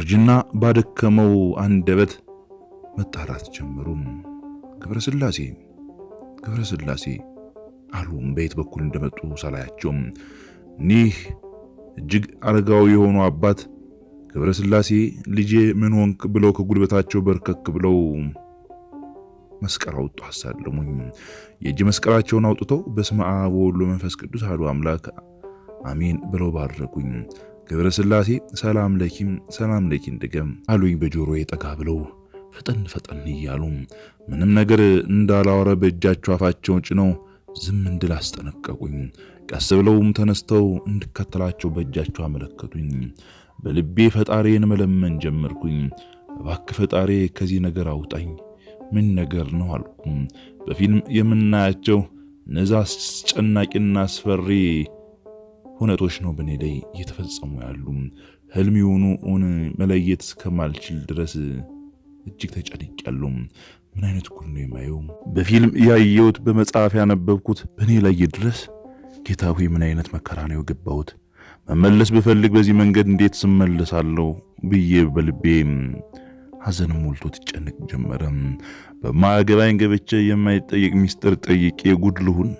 እርጅና ባደከመው አንደበት መጣላት ጀመሩም። ክብረ ስላሴ ክብረ ስላሴ አሉም። በየት በኩል እንደመጡ ሳላያቸውም እኒህ እጅግ አረጋዊ የሆኑ አባት ክብረ ስላሴ ልጄ ምን ሆንክ ብለው ከጉልበታቸው በርከክ ብለው መስቀል አውጡ አሳለሙኝ። የእጅ መስቀላቸውን አውጥተው በስመ አብ ወወልድ ወመንፈስ ቅዱስ አሉ አምላክ አሜን ብለው ባረኩኝ። ገብረ ስላሴ ሰላም ለኪም ሰላም ለኪን ድገም አሉኝ በጆሮ የጠጋ ብለው ፈጠን ፈጠን እያሉ ምንም ነገር እንዳላወረ በእጃቸው አፋቸውን ጭነው ዝም እንድል አስጠነቀቁኝ። ቀስ ብለውም ተነስተው እንድከተላቸው በእጃቸው አመለከቱኝ። በልቤ ፈጣሪን መለመን ጀመርኩኝ። እባክህ ፈጣሪ ከዚህ ነገር አውጣኝ። ምን ነገር ነው አልኩ። በፊልም የምናያቸው እነዛ አስጨናቂና አስፈሪ ሁነቶች ነው በእኔ ላይ እየተፈጸሙ ያሉ ህልም የሆኑ ኦን መለየት እስከማልችል ድረስ እጅግ ተጨንቄያለሁ። ምን አይነት ጉድ ነው የማየው? በፊልም ያየሁት፣ በመጽሐፍ ያነበብኩት በእኔ ላይ ድረስ ጌታ ሆይ ምን አይነት መከራ ነው የገባሁት? መመለስ ብፈልግ በዚህ መንገድ እንዴት ስመለሳለሁ ብዬ በልቤ ሐዘን ሞልቶ ትጨንቅ ጀመረ። በማገባኝ ገብቼ የማይጠየቅ ሚስጥር ጠይቄ ጉድ ልሁን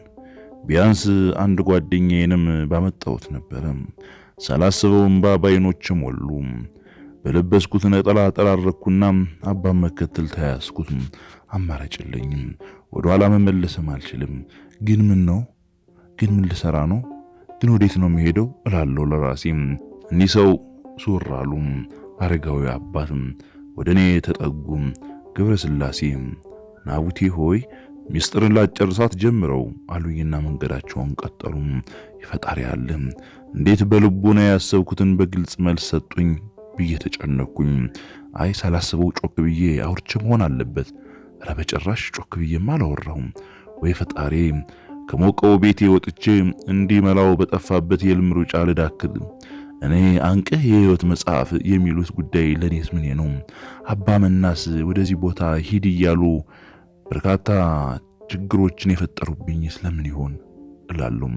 ቢያንስ አንድ ጓደኛዬንም ባመጣሁት ነበረ። ሳላስበው እንባ ባይኖች ሞሉ። በለበስኩት ነጠላ ጠራረኩና አባ መከተል ተያያዝኩት። አማራጭልኝ ወደ ኋላ መመለስም አልችልም። ግን ምን ነው ግን ምን ልሰራ ነው ግን ወዴት ነው የሚሄደው እላለሁ ለራሴ። እኒህ ሰው ሱር አሉ። አረጋዊ አባት ወደ እኔ ተጠጉ። ገብረ ስላሴ ናቡቴ ሆይ ሚስጥርን ላጨርሳት ጀምረው አሉኝና መንገዳቸውን ቀጠሉም ይፈጣሪ ያለ እንዴት በልቦና ያሰብኩትን በግልጽ መልስ ሰጡኝ ብዬ ተጨነኩኝ። አይ ሳላስበው ጮክ ብዬ አውርቼ መሆን አለበት። ኧረ በጭራሽ ጮክ ብዬም አላወራሁም። ወይ ፈጣሪ ከሞቀው ቤቴ ወጥቼ እንዲመላው በጠፋበት የልም ሩጫ ልዳክል። እኔ አንቀህ የህይወት መጽሐፍ የሚሉት ጉዳይ ለእኔስ ምን ነው? አባ መናስ ወደዚህ ቦታ ሂድ እያሉ በርካታ ችግሮችን የፈጠሩብኝ ስለምን ይሆን እላለሁ።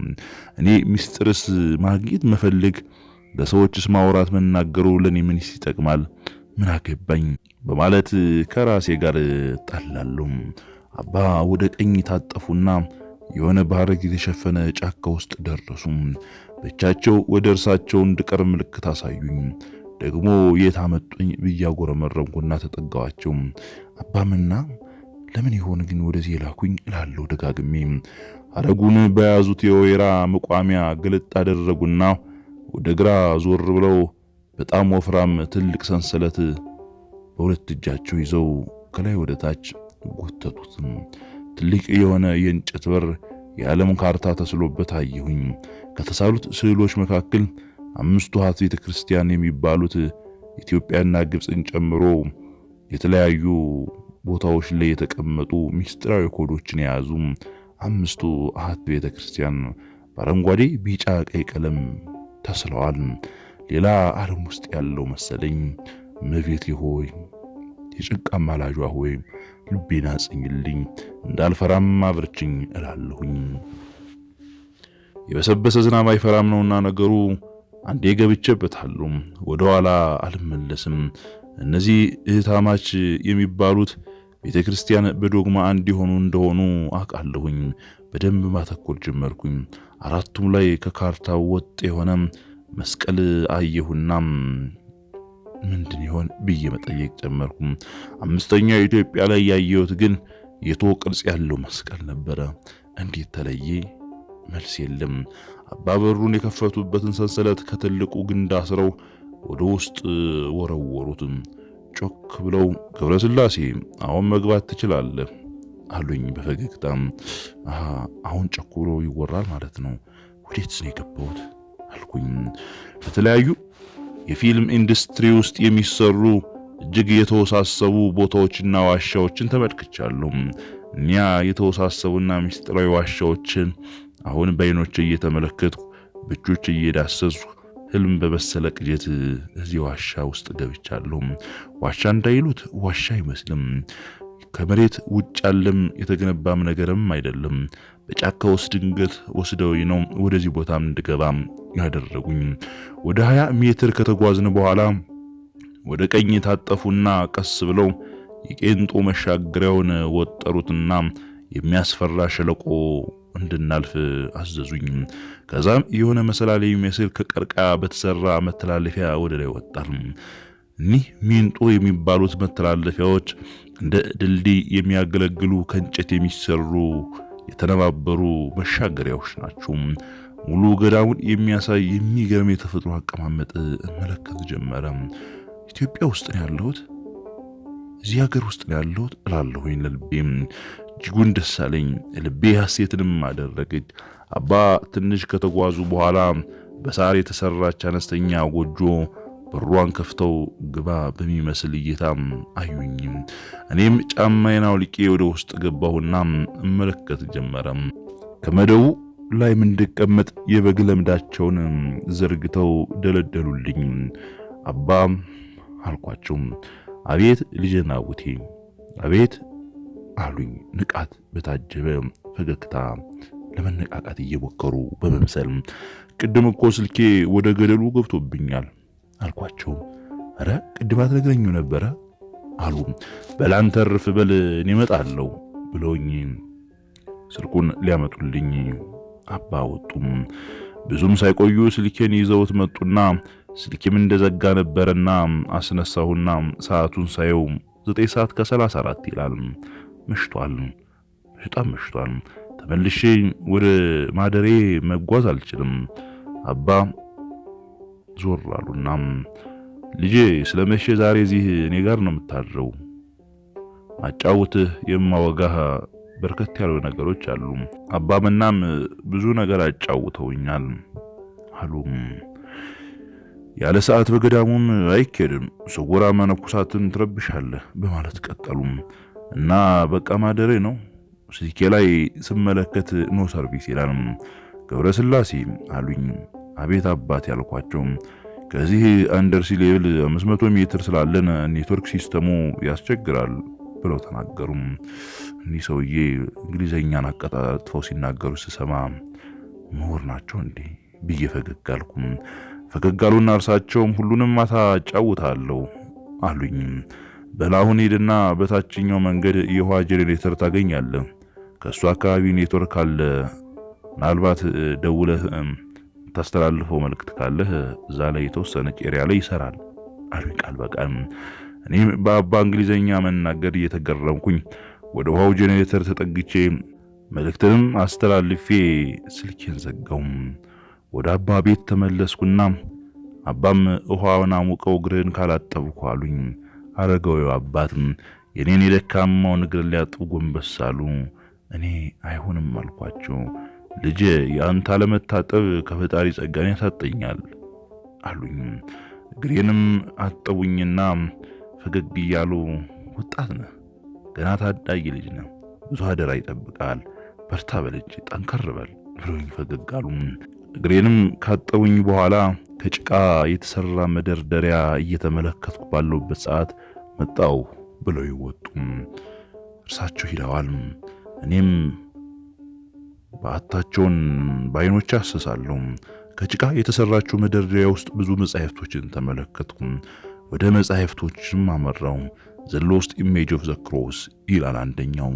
እኔ ሚስጥርስ ማግኘት መፈለግ፣ ለሰዎችስ ማውራት መናገሩ ለእኔ ምንስ ይጠቅማል? ምን አገባኝ በማለት ከራሴ ጋር ጣላለሁ። አባ ወደ ቀኝ ታጠፉና የሆነ በሐረግ የተሸፈነ ጫካ ውስጥ ደረሱ። ብቻቸው ወደ እርሳቸው እንድቀር ምልክት አሳዩኝ። ደግሞ የት አመጡኝ ብያጎረመረምኩና ተጠጋዋቸው። አባምና ለምን ይሆን ግን ወደዚህ የላኩኝ እላለሁ ደጋግሜ። አረጉን በያዙት የወይራ መቋሚያ ግልጥ አደረጉና ወደ ግራ ዞር ብለው በጣም ወፍራም ትልቅ ሰንሰለት በሁለት እጃቸው ይዘው ከላይ ወደ ታች ጎተቱት። ትልቅ የሆነ የእንጨት በር የዓለም ካርታ ተስሎበት አየሁኝ። ከተሳሉት ስዕሎች መካከል አምስቱ ሀት ቤተ ክርስቲያን የሚባሉት ኢትዮጵያና ግብፅን ጨምሮ የተለያዩ ቦታዎች ላይ የተቀመጡ ሚስጥራዊ ኮዶችን የያዙ አምስቱ አሃት ቤተ ክርስቲያን በአረንጓዴ፣ ቢጫ፣ ቀይ ቀለም ተስለዋል። ሌላ አለም ውስጥ ያለው መሰለኝ። እመቤቴ ሆይ የጭቃማ ላጇ ሆይ ልቤን አጽኝልኝ፣ እንዳልፈራም አብርችኝ እላለሁኝ። የበሰበሰ ዝናብ አይፈራም ነውና ነገሩ። አንዴ ገብቼበታለሁ፣ ወደኋላ አልመለስም። እነዚህ እህታማች የሚባሉት ቤተ ክርስቲያን በዶግማ አንድ የሆኑ እንደሆኑ አውቃለሁኝ። በደንብ ማተኮር ጀመርኩኝ። አራቱም ላይ ከካርታው ወጥ የሆነ መስቀል አየሁና ምንድን ይሆን ብዬ መጠየቅ ጀመርኩ። አምስተኛው ኢትዮጵያ ላይ ያየሁት ግን የቶ ቅርጽ ያለው መስቀል ነበረ። እንዴት ተለየ? መልስ የለም። አባበሩን የከፈቱበትን ሰንሰለት ከትልቁ ግንድ አስረው ወደ ውስጥ ወረወሩት። ጮክ ብለው ገብረስላሴ አሁን መግባት ትችላለህ አሉኝ በፈገግታ አሁን ጮክ ብሎ ይወራል ማለት ነው። ወዴት ነው የገባሁት አልኩኝ። በተለያዩ የፊልም ኢንዱስትሪ ውስጥ የሚሰሩ እጅግ የተወሳሰቡ ቦታዎችና ዋሻዎችን ተመልክቻለሁ። እኒያ የተወሳሰቡና ሚስጥራዊ ዋሻዎችን አሁን በአይኖች እየተመለከትኩ ብቾች እየዳሰስኩ ህልም በመሰለ ቅጀት እዚህ ዋሻ ውስጥ ገብቻለሁ። ዋሻ እንዳይሉት ዋሻ አይመስልም። ከመሬት ውጭ ያለም የተገነባም ነገርም አይደለም። በጫካ ውስጥ ድንገት ወስደውኝ ነው ወደዚህ ቦታ እንድገባም ያደረጉኝ። ወደ 20 ሜትር ከተጓዝን በኋላ ወደ ቀኝ የታጠፉና ቀስ ብለው የቄንጦ መሻገሪያውን ወጠሩትና የሚያስፈራ ሸለቆ እንድናልፍ አዘዙኝ። ከዛም የሆነ መሰላል የሚመስል ከቀርቃ በተሰራ መተላለፊያ ወደ ላይ ወጣል። እኒህ ሚንጦ የሚባሉት መተላለፊያዎች እንደ ድልድይ የሚያገለግሉ ከእንጨት የሚሰሩ የተነባበሩ መሻገሪያዎች ናቸው። ሙሉ ገዳሙን የሚያሳይ የሚገርም የተፈጥሮ አቀማመጥ እመለከት ጀመረ። ኢትዮጵያ ውስጥ ነው ያለሁት? እዚህ ሀገር ውስጥ ነው ያለሁት እላለሁ ልቤም እጅጉን ደስ አለኝ፣ ልቤ ሐሴትንም አደረገች። አባ ትንሽ ከተጓዙ በኋላ በሳር የተሰራች አነስተኛ ጎጆ በሯን ከፍተው ግባ በሚመስል እይታም አዩኝም። እኔም ጫማዬን አውልቄ ወደ ውስጥ ገባሁና እመለከት ጀመረም። ከመደቡ ላይ እንድቀመጥ የበግ ለምዳቸውን ዘርግተው ደለደሉልኝ። አባ አልኳቸው፣ አቤት ልጄ ናቡቴ፣ አቤት አሉኝ ንቃት በታጀበ ፈገግታ ለመነቃቃት እየሞከሩ በመምሰል ቅድም እኮ ስልኬ ወደ ገደሉ ገብቶብኛል አልኳቸው። ኧረ ቅድም አትነግረኝም ነበረ አሉ። በላን ተርፍ እኔ እመጣለሁ ብለውኝ ስልኩን ሊያመጡልኝ አባ ወጡም። ብዙም ሳይቆዩ ስልኬን ይዘውት መጡና ስልኬም እንደዘጋ ነበረና አስነሳሁና ሰዓቱን ሳየው ዘጠኝ ሰዓት ከሰላሳ አራት ይላል። መሽቷል፣ በጣም መሽቷል። ተመልሼ ወደ ማደሬ መጓዝ አልችልም። አባ ዞር አሉና ልጄ ስለመሸ ዛሬ እዚህ እኔ ጋር ነው የምታድረው። ማጫወትህ የማወጋህ በርከት ያሉ ነገሮች አሉ። አባ መናም ብዙ ነገር አጫውተውኛል አሉም። ያለ ሰዓት በገዳሙም አይኬድም፣ ስውራ መነኩሳትን ትረብሻለህ በማለት ቀጠሉም። እና በቃ ማደሬ ነው። ስልኬ ላይ ስመለከት ኖ ሰርቪስ ይላል። ገብረ ስላሴ አሉኝ። አቤት አባት ያልኳቸው ከዚህ አንደርሲ ሌብል 500 ሜትር ስላለን ኔትወርክ ሲስተሙ ያስቸግራል ብለው ተናገሩም። እኒህ ሰውዬ እንግሊዘኛን አቀጣጥፈው ሲናገሩ ስሰማ ምሁር ናቸው እንዴ ብዬ ፈገግ አልኩም ፈገግ አሉና እርሳቸውም ሁሉንም ማታ ጫውታለሁ አሉኝ። በላሁን ሂድና በታችኛው መንገድ የውሃ ጄኔሬተር ታገኛለህ። ከእሱ አካባቢ ኔትወርክ አለ። ምናልባት ደውለህ ታስተላልፈው መልእክት ካለህ እዛ ላይ የተወሰነ ኤሪያ ላይ ይሰራል አሉኝ ቃል በቃል። እኔም በአባ እንግሊዘኛ መናገር እየተገረምኩኝ ወደ ውሃው ጄኔሬተር ተጠግቼ መልእክትንም አስተላልፌ ስልኬን ዘጋውም። ወደ አባ ቤት ተመለስኩና አባም ውሃውን አሙቀው እግርህን ካላጠብኩ አሉኝ። አረጋዊው አባት የኔን የደካማውን እግር ሊያጡ ጎንበስ አሉ። እኔ አይሆንም አልኳቸው። ልጄ የአንተ አለመታጠብ ከፈጣሪ ጸጋን ያሳጠኛል አሉኝ። እግሬንም አጠቡኝና ፈገግ እያሉ ወጣት ነህ፣ ገና ታዳጊ ልጅ ነህ፣ ብዙ አደራ ይጠብቃል፣ በርታ፣ በልጅ ጠንከር በል ብሎኝ ፈገግ አሉ። እግሬንም ካጠውኝ በኋላ ከጭቃ የተሰራ መደርደሪያ እየተመለከትኩ ባለሁበት ሰዓት መጣው ብለው ይወጡም እርሳቸው ሂደዋል። እኔም በአታቸውን በአይኖች አሰሳለሁ። ከጭቃ የተሰራችው መደርደሪያ ውስጥ ብዙ መጻሕፍቶችን ተመለከትኩ። ወደ መጻሕፍቶችም አመራው። ዘ ሎስት ኢሜጅ ኦፍ ዘ ክሮስ ይላል አንደኛው፣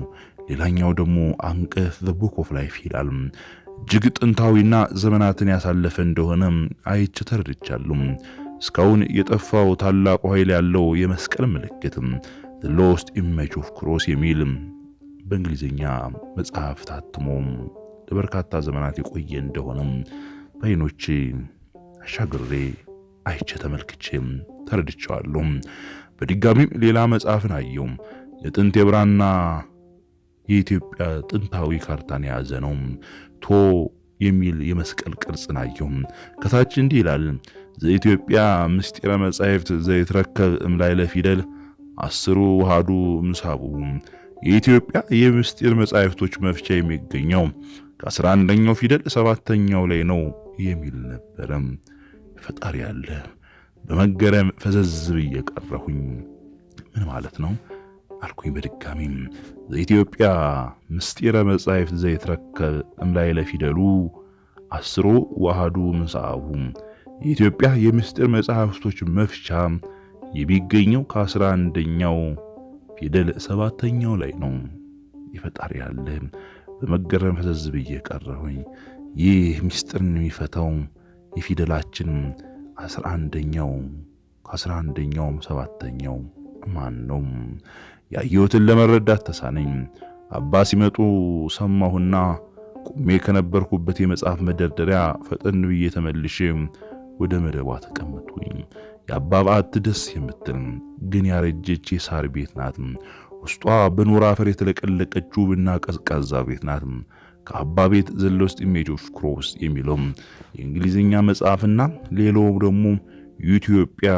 ሌላኛው ደግሞ አንቀፍ ዘ ቡክ ኦፍ ላይፍ ይላል። እጅግ ጥንታዊና ዘመናትን ያሳለፈ እንደሆነ አይች ተረድቻለሁ። እስካሁን የጠፋው ታላቁ ኃይል ያለው የመስቀል ምልክት the lost image of cross የሚል በእንግሊዝኛ መጽሐፍ ታትሞ ለበርካታ ዘመናት የቆየ እንደሆነ በዓይኖቼ አሻግሬ አይቼ ተመልክቼ ተረድቻለሁ። በድጋሚም ሌላ መጽሐፍን አየው የጥንት የብራና የኢትዮጵያ ጥንታዊ ካርታን የያዘ ነው። ቶ የሚል የመስቀል ቅርጽ ናየው ከታች እንዲህ ይላል ዘኢትዮጵያ ምስጢረ መጻሕፍት ዘይትረከብ እምላዕለ ፊደል አስሩ ውሃዱ ምሳቡ የኢትዮጵያ የምስጢር መጻሕፍቶች መፍቻ የሚገኘው ከአስራ አንደኛው ፊደል ሰባተኛው ላይ ነው የሚል ነበረ። ፈጣሪ አለ በመገረም ፈዘዝ ብዬ ቀረሁኝ። ምን ማለት ነው? አልኩኝ በድጋሚም። ዘኢትዮጵያ ምስጢረ መጻሕፍት ዘይትረከብ እምላይ ለፊደሉ አስሮ ዋህዱ ምንሳአሁም የኢትዮጵያ የምስጢር መጽሐፍቶች መፍቻ የሚገኘው ከአስራ አንደኛው ፊደል ሰባተኛው ላይ ነው። ይፈጣሪ ያለ በመገረም ፈዘዝ ብዬ ቀረሁኝ። ይህ ምስጢርን የሚፈታው የፊደላችን አስራ አንደኛው ከአስራ አንደኛውም ሰባተኛው ማን ነው? ያየሁትን ለመረዳት ተሳነኝ። አባ ሲመጡ ሰማሁና ቁሜ ከነበርኩበት የመጽሐፍ መደርደሪያ ፈጠን ብዬ ተመልሼ ወደ መደቧ ተቀመጥኩኝ። የአባ በዓት ደስ የምትል ግን ያረጀች የሳር ቤት ናት። ውስጧ በኖራ አፈር የተለቀለቀች ውብና ቀዝቃዛ ቤት ናት። ከአባ ቤት ዘለ ውስጥ ኢሜጅ ኦፍ ክሮስ የሚለው የእንግሊዝኛ መጽሐፍና ሌላው ደግሞ ዩትዮጵያ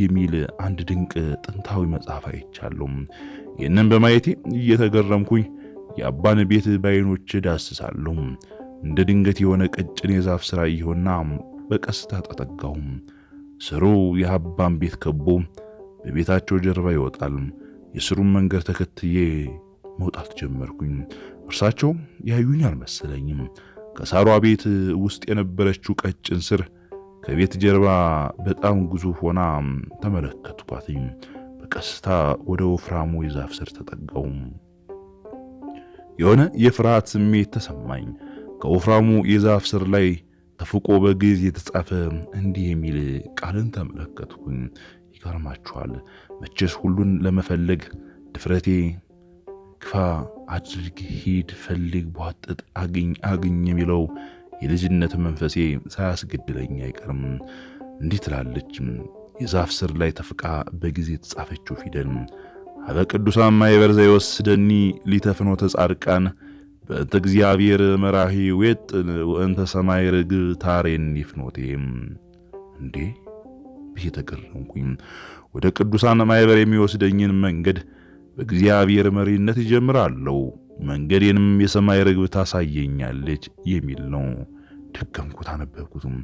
የሚል አንድ ድንቅ ጥንታዊ መጽሐፍ አይቻለሁ። ይህንን በማየቴ እየተገረምኩኝ የአባን ቤት ባይኖች ዳስሳለሁ። እንደ ድንገት የሆነ ቀጭን የዛፍ ስራ እየሆና በቀስታ ተጠጋሁ። ስሩ የአባን ቤት ከቦ በቤታቸው ጀርባ ይወጣል። የስሩን መንገድ ተከትዬ መውጣት ጀመርኩኝ። እርሳቸው ያዩኝ አልመሰለኝም። ከሳሯ ቤት ውስጥ የነበረችው ቀጭን ስር ከቤት ጀርባ በጣም ግዙፍ ሆና ተመለከትኳት። በቀስታ ወደ ወፍራሙ የዛፍ ስር ተጠጋው። የሆነ የፍርሃት ስሜት ተሰማኝ። ከወፍራሙ የዛፍ ስር ላይ ተፍቆ በግዕዝ የተጻፈ እንዲህ የሚል ቃልን ተመለከትኩኝ። ይገርማችኋል፣ መቼስ ሁሉን ለመፈለግ ድፍረቴ ክፋ አድርግ፣ ሂድ፣ ፈልግ፣ ቧጥጥ፣ አግኝ አግኝ የሚለው የልጅነት መንፈሴ ሳያስገድለኝ አይቀርም። እንዲህ ትላለች የዛፍ ስር ላይ ተፍቃ በጊዜ የተጻፈችው ፊደል አበ ቅዱሳን ማይበርዘ ይወስደኒ ሊተፍኖ ተጻድቃን በእንተ እግዚአብሔር መራሂ ዌጥ ወእንተ ሰማይ ርግ ታሬን ይፍኖቴ እንዴ ብዬ ተገረምኩኝ። ወደ ቅዱሳን ማይበር የሚወስደኝን መንገድ በእግዚአብሔር መሪነት ይጀምራለሁ። መንገዴንም የሰማይ ርግብ ታሳየኛለች የሚል ነው። ደከምኩት፣ አነበብኩትም።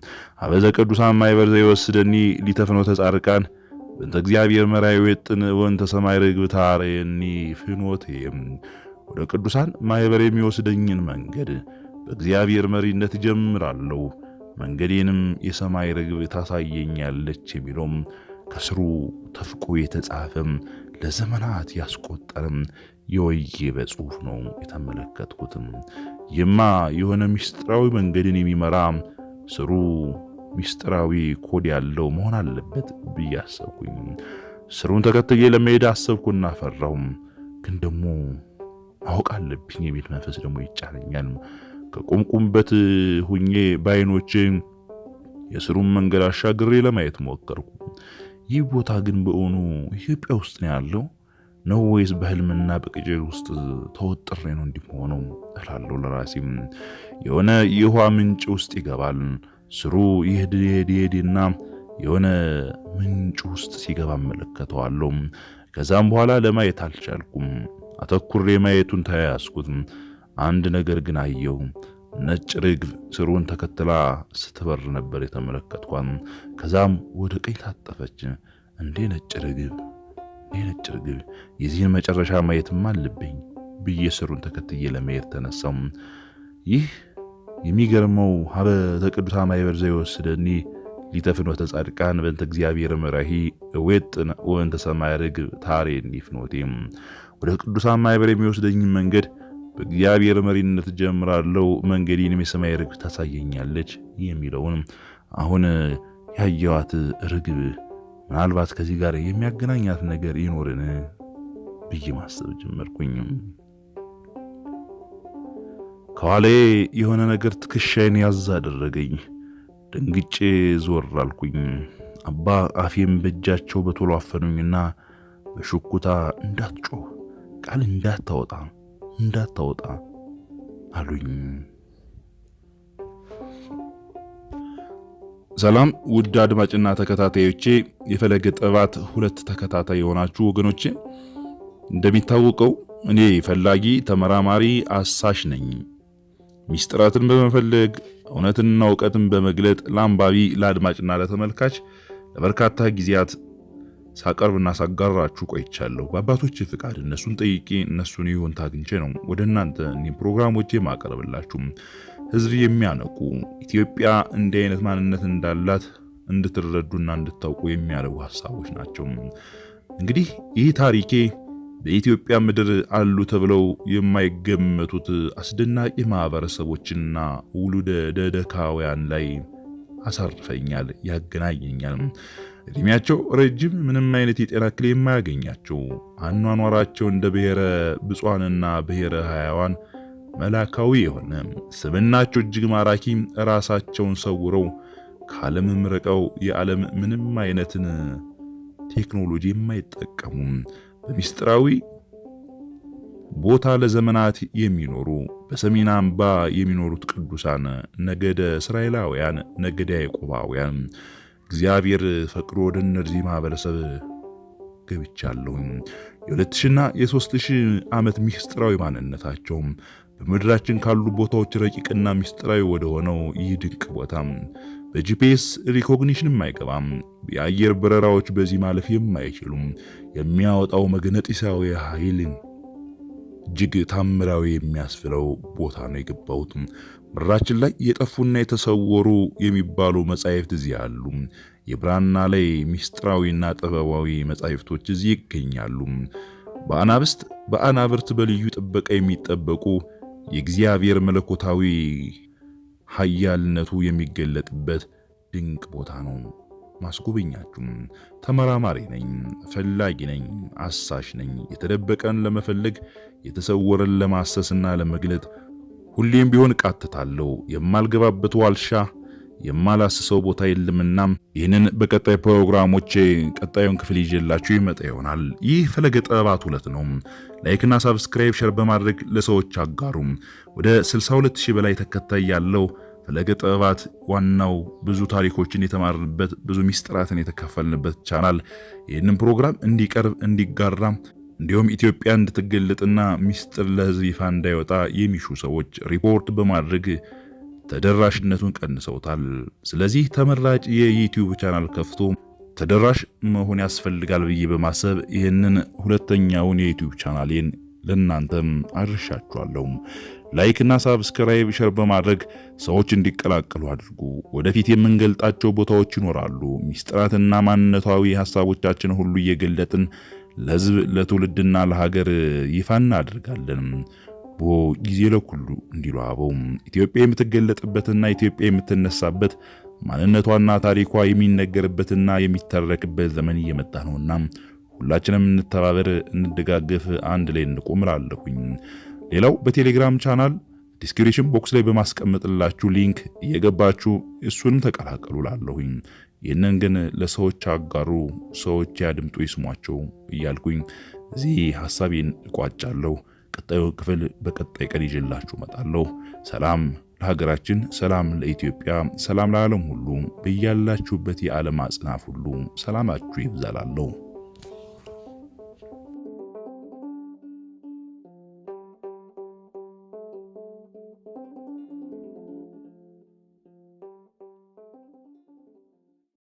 አበዘ ቅዱሳን ማይበርዘ ይወስደኒ ሊተፍነው ተጻርቃን በእንተ እግዚአብሔር መራዊ ወጥን ወንተ ሰማይ ርግብ ታረየኒ ፍኖቴም ወደ ቅዱሳን ማይበር የሚወስደኝን መንገድ በእግዚአብሔር መሪነት ጀምራለሁ። መንገዴንም የሰማይ ርግብ ታሳየኛለች የሚለውም ከስሩ ተፍቆ የተጻፈም ለዘመናት ያስቆጠረም የወዬ በጽሁፍ ነው የተመለከትኩትም። ይህማ የሆነ ሚስጥራዊ መንገድን የሚመራ ስሩ ሚስጥራዊ ኮድ ያለው መሆን አለበት ብዬ አሰብኩኝ። ስሩን ተከትዬ ለመሄድ አሰብኩና ፈራሁም። ግን ደግሞ ማወቅ አለብኝ የሚል መንፈስ ደግሞ ይጫነኛል። ከቆምቁምበት ሁኜ በአይኖቼ የስሩን መንገድ አሻግሬ ለማየት ሞከርኩ። ይህ ቦታ ግን በእውኑ ኢትዮጵያ ውስጥ ነው ያለው? ነው ወይስ በህልምና በቅጭል ውስጥ ተወጥሬ ነው እንዲሆነው እላለሁ ለራሴም። የሆነ የውሃ ምንጭ ውስጥ ይገባል ስሩ ይሄድ ይሄድ ይሄድና የሆነ ምንጭ ውስጥ ሲገባ እመለከተዋለሁ። ከዛም በኋላ ለማየት አልቻልኩም። አተኩሬ ማየቱን ተያያዝኩት። አንድ ነገር ግን አየው። ነጭ ርግብ ስሩን ተከትላ ስትበር ነበር የተመለከትኳን። ከዛም ወደ ቀኝ ታጠፈች እንዴ ነጭ ርግብ ይህ ርግብ የዚህን መጨረሻ ማየትም አለብኝ ብዬ ስሩን ተከትዬ ለመሄድ ተነሳው። ይህ የሚገርመው ሀበተ ቅዱሳን ማይበር ዘይወስደኒ ሊተፍን ወተጻድቃን በእንተ እግዚአብሔር መራሂ እዌጥን ወእንተ ሰማይ ርግብ ታሬኒ ፍኖቴ። ወደ ቅዱሳን ማይበር የሚወስደኝ መንገድ በእግዚአብሔር መሪነት ጀምራለሁ፣ መንገዴንም የሰማይ ርግብ ታሳየኛለች የሚለውን አሁን ያየዋት ርግብ ምናልባት ከዚህ ጋር የሚያገናኛት ነገር ይኖርን ብዬ ማሰብ ጀመርኩኝም። ከኋላዬ የሆነ ነገር ትከሻዬን ያዝ አደረገኝ። ደንግጬ ዞር አልኩኝ። አባ አፌም በእጃቸው በቶሎ አፈኑኝና በሽኩታ እንዳትጮህ፣ ቃል እንዳታወጣ እንዳታወጣ አሉኝ። ሰላም ውድ አድማጭና ተከታታዮቼ የፈለገ ጥበባት ሁለት ተከታታይ የሆናችሁ ወገኖቼ፣ እንደሚታወቀው እኔ ፈላጊ ተመራማሪ አሳሽ ነኝ። ሚስጥራትን በመፈለግ እውነትንና እውቀትን በመግለጥ ለአንባቢ ለአድማጭና ለተመልካች ለበርካታ ጊዜያት ሳቀርብና ሳጋራችሁ ቆይቻለሁ። በአባቶች ፍቃድ እነሱን ጠይቄ እነሱን ይሁን አግኝቼ ነው ወደ እናንተ እኔ ፕሮግራሞቼ ማቀርብላችሁ። ህዝብ የሚያነቁ ኢትዮጵያ እንዲህ አይነት ማንነት እንዳላት እንድትረዱና እንድታውቁ የሚያደርጉ ሀሳቦች ናቸው። እንግዲህ ይህ ታሪኬ በኢትዮጵያ ምድር አሉ ተብለው የማይገመቱት አስደናቂ ማህበረሰቦችና ውሉደ ደደካውያን ላይ አሳርፈኛል፣ ያገናኘኛል። እድሜያቸው ረጅም፣ ምንም አይነት የጤና እክል የማያገኛቸው፣ አኗኗራቸው እንደ ብሔረ ብፁዓንና ብሔረ ሕያዋን መላካዊ የሆነ ስብናቸው እጅግ ማራኪ ራሳቸውን ሰውረው ከዓለምም ርቀው የዓለም ምንም አይነትን ቴክኖሎጂ የማይጠቀሙ በሚስጥራዊ ቦታ ለዘመናት የሚኖሩ በሰሜን አምባ የሚኖሩት ቅዱሳን ነገደ እስራኤላውያን፣ ነገደ ያዕቆባውያን እግዚአብሔር ፈቅዶ ወደ እነዚህ ማህበረሰብ ገብቻለሁ። የሁለት ሺና የሦስት ሺህ ዓመት ሚስጥራዊ ማንነታቸው በምድራችን ካሉ ቦታዎች ረቂቅና ምስጢራዊ ወደሆነው ይህ ድንቅ ቦታ በጂፒኤስ ሪኮግኒሽንም አይገባም። የአየር በረራዎች በዚህ ማለፍ የማይችሉም። የሚያወጣው መግነጢሳዊ ኃይል እጅግ ታምራዊ የሚያስብለው ቦታ ነው የገባሁት። ምድራችን ላይ የጠፉና የተሰወሩ የሚባሉ መጻሕፍት እዚህ አሉ። የብራና ላይ ምስጢራዊና ጥበባዊ መጻሕፍቶች እዚህ ይገኛሉ። በአናብስት በአናብርት በልዩ ጥበቃ የሚጠበቁ የእግዚአብሔር መለኮታዊ ኃያልነቱ የሚገለጥበት ድንቅ ቦታ ነው። ማስጎበኛችሁም ተመራማሪ ነኝ፣ ፈላጊ ነኝ፣ አሳሽ ነኝ። የተደበቀን ለመፈለግ የተሰወረን ለማሰስና ለመግለጥ ሁሌም ቢሆን ቃትታለሁ። የማልገባበት ዋልሻ የማላስሰው ቦታ የለምና ይህንን በቀጣይ ፕሮግራሞቼ ቀጣዩን ክፍል ይዤላችሁ ይመጣ ይሆናል። ይህ ፈለገ ጥበባት ሁለት ነው። ላይክና ሳብስክራይብ ሸር በማድረግ ለሰዎች አጋሩ ወደ 62000 በላይ ተከታይ ያለው ፈለገ ጥበባት ዋናው ብዙ ታሪኮችን የተማርንበት ብዙ ሚስጥራትን የተከፈልንበት ቻናል። ይህንን ፕሮግራም እንዲቀርብ እንዲጋራ እንዲሁም ኢትዮጵያ እንድትገለጥና ሚስጥር ለህዝብ ይፋ እንዳይወጣ የሚሹ ሰዎች ሪፖርት በማድረግ ተደራሽነቱን ቀንሰውታል። ስለዚህ ተመራጭ የዩቲዩብ ቻናል ከፍቶ ተደራሽ መሆን ያስፈልጋል ብዬ በማሰብ ይህንን ሁለተኛውን የዩቲዩብ ቻናሌን ለእናንተም አድርሻችኋለሁ። ላይክ እና ሳብስክራይብ ሸር በማድረግ ሰዎች እንዲቀላቀሉ አድርጉ። ወደፊት የምንገልጣቸው ቦታዎች ይኖራሉ። ሚስጥራትና ማንነታዊ ሀሳቦቻችን ሁሉ እየገለጥን ለሕዝብ ለትውልድና ለሀገር ይፋ እናደርጋለን። ቦ ጊዜ ለኩሉ እንዲሉ አበው ኢትዮጵያ የምትገለጥበትና ኢትዮጵያ የምትነሳበት ማንነቷና ታሪኳ የሚነገርበትና የሚተረክበት ዘመን እየመጣ ነውና ሁላችንም እንተባበር፣ እንደጋገፍ፣ አንድ ላይ እንቁም እላለሁኝ። ሌላው በቴሌግራም ቻናል ዲስክሪፕሽን ቦክስ ላይ በማስቀመጥላችሁ ሊንክ እየገባችሁ እሱንም ተቀላቀሉ እላለሁኝ። ይህንን ግን ለሰዎች አጋሩ፣ ሰዎች ያድምጡ፣ ይስሟቸው እያልኩኝ እዚህ ሐሳቤን እቋጫለሁ። ቀጣዩ ክፍል በቀጣይ ቀን ይዤላችሁ መጣለሁ። ሰላም ለሀገራችን፣ ሰላም ለኢትዮጵያ፣ ሰላም ለዓለም ሁሉ። በያላችሁበት የዓለም አጽናፍ ሁሉ ሰላማችሁ ይብዛላለሁ።